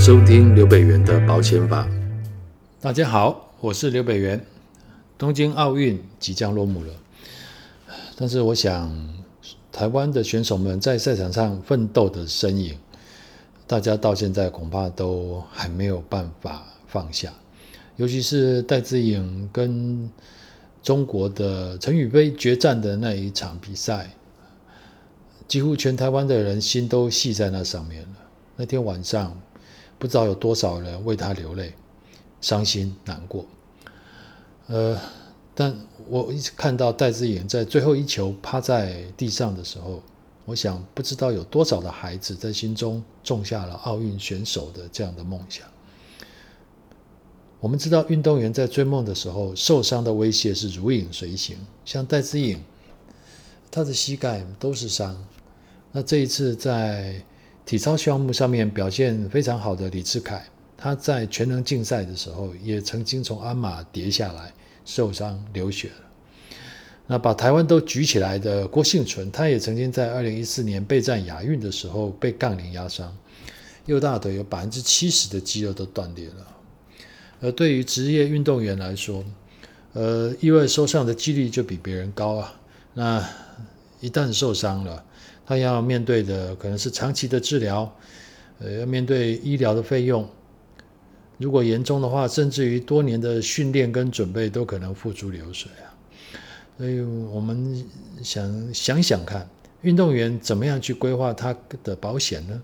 收聽劉北元的保險法。大家好，我是劉北元。東京奧運即將落幕了，但是我想，台灣的選手們在賽場上奮鬥的身影，大家到現在恐怕都還沒有辦法放下。尤其是戴資穎跟中國的陳雨菲決戰的那一場比賽，幾乎全台灣的人心都繫在那上面了。那天晚上。不知道有多少人為他流淚、傷心、難過。呃，但我一直看到戴資穎在最後一球趴在地上的時候，我想不知道有多少的孩子在心中種下了奧運選手的這樣的夢想。我們知道，運動員在追夢的時候，受傷的威脅是如影隨形。像戴資穎，他的膝蓋都是傷。那這一次在體操項目上面表現非常好的李智凱，他在全能競賽的時候也曾經從鞍馬跌下來受傷流血了。那把台灣都舉起來的郭婞淳，他也曾經在二零一四年備戰亞運的時候被槓鈴壓傷，右大腿有百分之七十的肌肉都斷裂了。而對於職業運動員來說，呃，意外受傷的幾率就比別人高啊。那一旦受傷了，他要面對的可能是長期的治療，呃，要面對醫療的費用。如果嚴重的話，甚至於多年的訓練跟準備都可能付諸流水啊。所以，我們想想想看，運動員怎麼樣去規劃他的保險呢？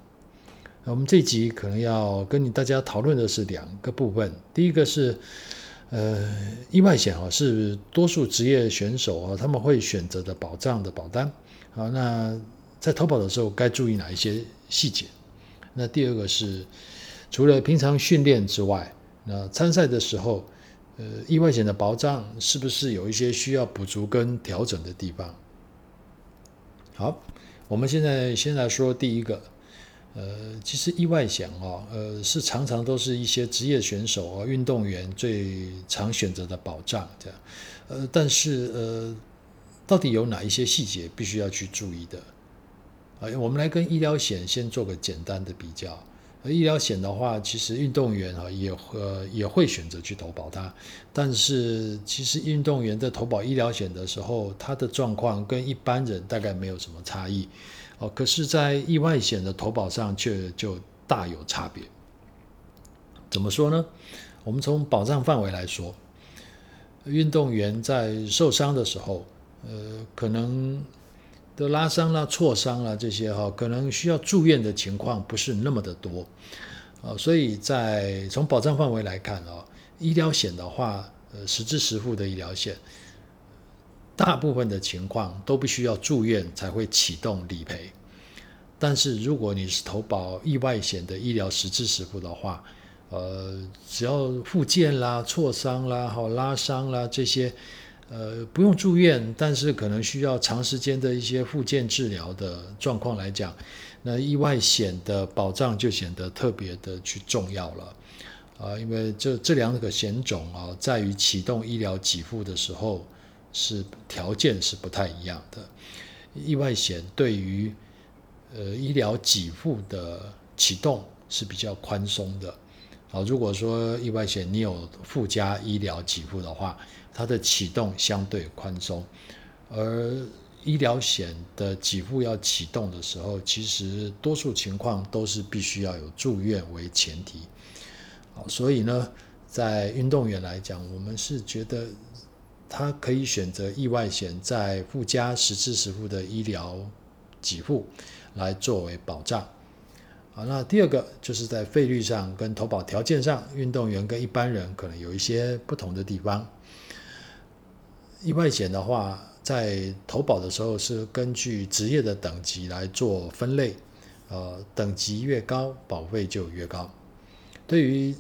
我們這一集可能要跟你大家討論的是兩個部分。第一個是，呃，意外險啊，是多數職業選手啊，他們會選擇的保障的保單。好，那在投保的時候該注意哪一些細節？那第二個是，除了平常訓練之外，那參賽的時候，呃，意外險的保障是不是有一些需要補足跟調整的地方？好，我們現在先來說第一個，呃，其實意外險哦，呃，是常常都是一些職業選手啊、運動員最常選擇的保障這樣，呃，但是呃，到底有哪一些細節必須要去注意的？我們來跟醫療險先做個簡單的比較。醫療險的話，其實運動員也，呃，也會選擇去投保他。但是其實運動員在投保醫療險的時候，他的狀況跟一般人大概沒有什麼差異。可是，在意外險的投保上卻就大有差別。怎麼說呢？我們從保障範圍來說，運動員在受傷的時候，呃，可能。的拉傷啦、啊、挫傷啦、啊、這些哈、哦，可能需要住院的情況不是那麼的多，呃、所以在從保障範圍來看啊、哦，醫療險的話，呃，實支實付的醫療險，大部分的情況都必須要住院才會啟動理賠。但是如果你是投保意外險的醫療實支實付的話，呃，只要復健啦、挫傷啦、好拉傷啦這些。呃，不用住院，但是可能需要長時間的一些復健治療的狀況來講，那意外險的保障就顯得特別的去重要了。啊、呃，因為這這兩個險種啊、呃，在於啟動醫療給付的時候是條件是不太一樣的。意外險對於呃醫療給付的啟動是比較寬鬆的。啊、呃，如果說意外險你有附加醫療給付的話。它的啟動相對寬鬆，而醫療險的給付要啟動的時候，其實多數情況都是必須要有住院為前提。好，所以呢，在運動員來講，我們是覺得他可以選擇意外險，再附加實支實付的醫療給付來作為保障。好，那第二個就是在費率上跟投保條件上，運動員跟一般人可能有一些不同的地方。意外險的話，在投保的時候是根據職業的等級來做分類，呃，等級越高，保費就越高。對於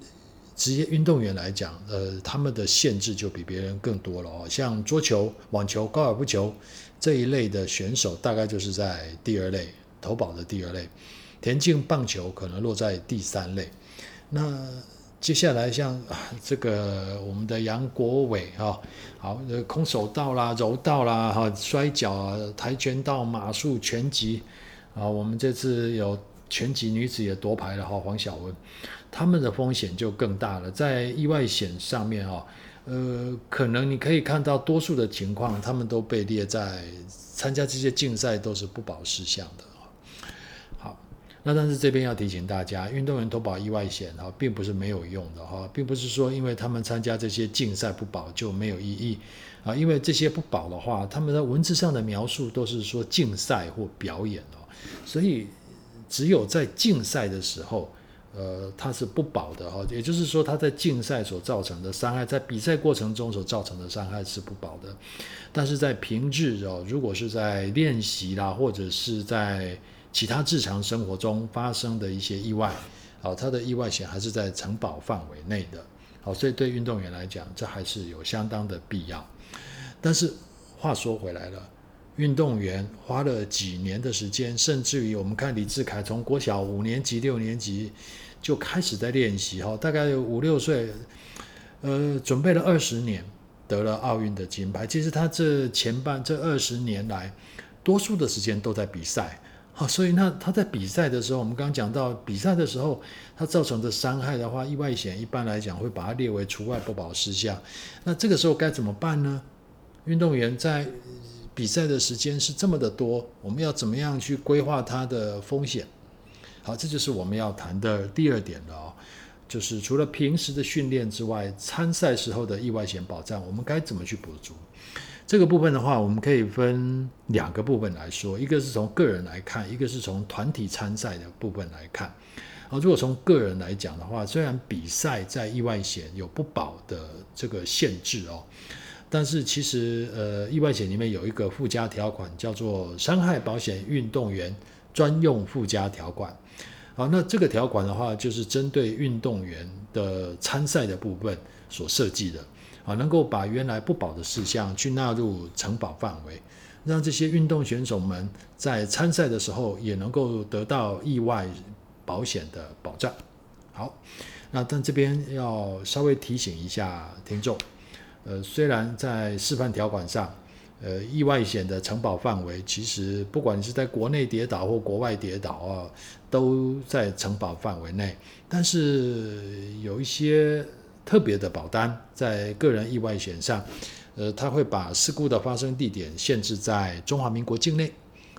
職業運動員來講，呃，他們的限制就比別人更多了哦。像桌球、網球、高爾夫球這一類的選手，大概就是在第二類投保的第二類，田徑、棒球可能落在第三類。那接下來像這個我們的楊國偉哈，好，空手道啦、柔道啦、哈摔跤、跆拳道、馬術、拳擊，啊，我們這次有拳擊女子也奪牌了哈，黃筱雯，他們的風險就更大了，在意外險上面哈，呃，可能你可以看到多數的情況，他們都被列在參加這些競賽都是不保事項的。那但是這邊要提醒大家，運動員投保意外險哈，並不是沒有用的哈，並不是說因為他們參加這些競賽不保就沒有意義啊，因為這些不保的話，他們的文字上的描述都是說競賽或表演哦，所以只有在競賽的時候，呃，他是不保的哈，也就是說，他在競賽所造成的傷害，在比賽過程中所造成的傷害是不保的，但是在平日哦，如果是在練習啦或者是在。其他日常生活中發生的一些意外，好，他的意外險還是在承保範圍內的，好，所以對運動員來講，這還是有相當的必要。但是話說回來了，運動員花了幾年的時間，甚至於我們看李智凱從國小五年級、六年級就開始在練習，哈，大概有五六歲，呃，準備了二十年，得了奧運的金牌。其實他這前半這二十年來，多數的時間都在比賽。好，所以那他在比賽的時候，我們剛剛講到比賽的時候，他造成的傷害的話，意外險一般來講會把它列為除外不保事項。那這個時候該怎麼辦呢？運動員在、呃、比賽的時間是這麼的多，我們要怎麼樣去規劃他的風險？好，這就是我們要談的第二點了、哦，就是除了平時的訓練之外，參賽時候的意外險保障，我們該怎麼去補足？這個部分的話，我們可以分兩個部分來說，一個是從個人來看，一個是從團體參賽的部分來看。啊，如果從個人來講的話，雖然比賽在意外險有不保的這個限制哦，但是其實呃，意外險裡面有一個附加條款叫做“傷害保險運動員專用附加條款”啊。好，那這個條款的話，就是針對運動員的參賽的部分所設計的。啊，能夠把原來不保的事項去納入承保範圍，讓這些運動選手們在參賽的時候也能夠得到意外保險的保障。好，那但這邊要稍微提醒一下聽眾，呃，雖然在示範條款上，呃，意外險的承保範圍其實不管你是在國內跌倒或國外跌倒啊，都在承保範圍內，但是有一些。特別的保單在個人意外險上，呃，他會把事故的發生地點限制在中華民國境內，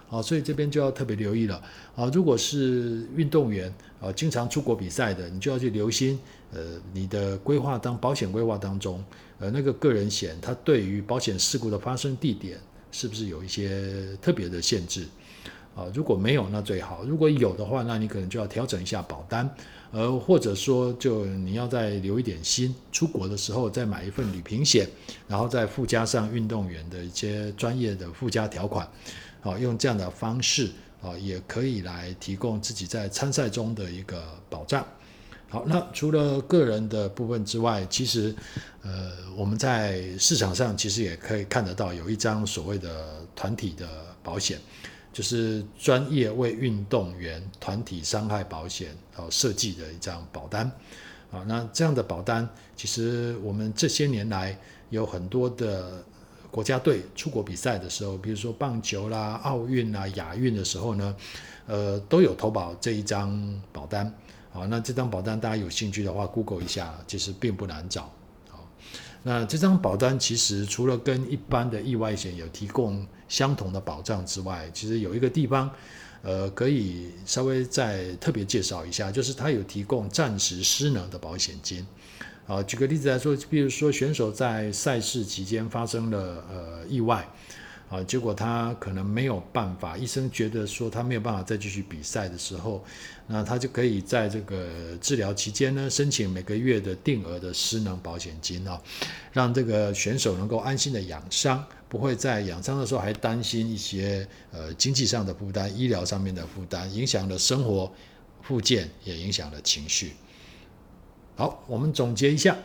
好、啊，所以這邊就要特別留意了啊！如果是運動員啊，經常出國比賽的，你就要去留心，呃，你的規劃當保險規劃當中，呃，那個個人險它對於保險事故的發生地點是不是有一些特別的限制？啊，如果沒有，那最好；如果有的話，那你可能就要調整一下保單，呃，或者說就你要再留一點心，出國的時候再買一份旅平險，然後再附加上運動員的一些專業的附加條款，好，用這樣的方式啊，也可以來提供自己在參賽中的一個保障。好，那除了個人的部分之外，其實呃，我們在市場上其實也可以看得到有一張所謂的團體的保險。就是專業為運動員團體傷害保險，而設計的一張保單，啊，那這樣的保單，其實我們這些年來有很多的國家隊出國比賽的時候，比如說棒球啦、奧運啦、亞運的時候呢，呃，都有投保這一張保單，啊，那這張保單大家有興趣的話，Google 一下，其實並不難找，好，那這張保單其實除了跟一般的意外險有提供。相同的保障之外，其實有一個地方，呃，可以稍微再特別介紹一下，就是它有提供暫時失能的保險金。啊，舉個例子來說，比如說選手在賽事期間發生了呃意外。啊，結果他可能沒有辦法，醫生覺得說他沒有辦法再繼續比賽的時候，那他就可以在這個治療期間呢，申請每個月的定額的失能保險金哦，讓這個選手能夠安心的養傷，不會在養傷的時候還擔心一些呃經濟上的負擔、醫療上面的負擔，影響了生活，復健也影響了情緒。好，我們總結一下，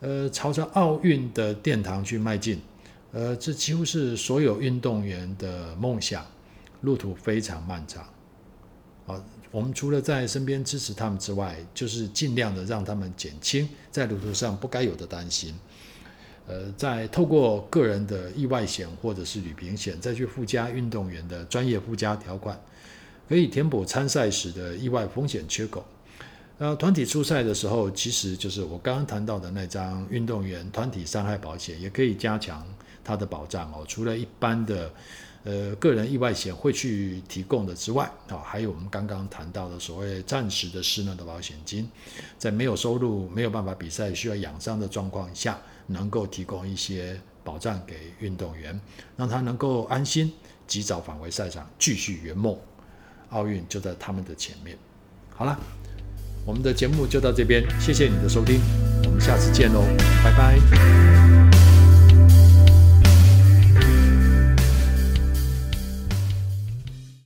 呃，朝着奧運的殿堂去邁進。呃，這幾乎是所有運動員的夢想，路途非常漫長。好、啊，我們除了在身邊支持他們之外，就是盡量的讓他們減輕在路途上不該有的擔心。呃，在透過個人的意外險或者是旅行險，再去附加運動員的專業附加條款，可以填補參賽時的意外風險缺口。呃、啊，團體出賽的時候，其實就是我剛剛談到的那張運動員團體傷害保險，也可以加強。他的保障哦，除了一般的呃個人意外險會去提供的之外，啊、哦，還有我們剛剛談到的所謂暫時的失能的保險金，在沒有收入、沒有辦法比賽需要養傷的狀況下，能夠提供一些保障給運動員，讓他能夠安心及早返回賽場繼續圓夢，奧運就在他們的前面。好了，我們的節目就到這邊，謝謝你的收聽，我們下次見嘍，拜拜。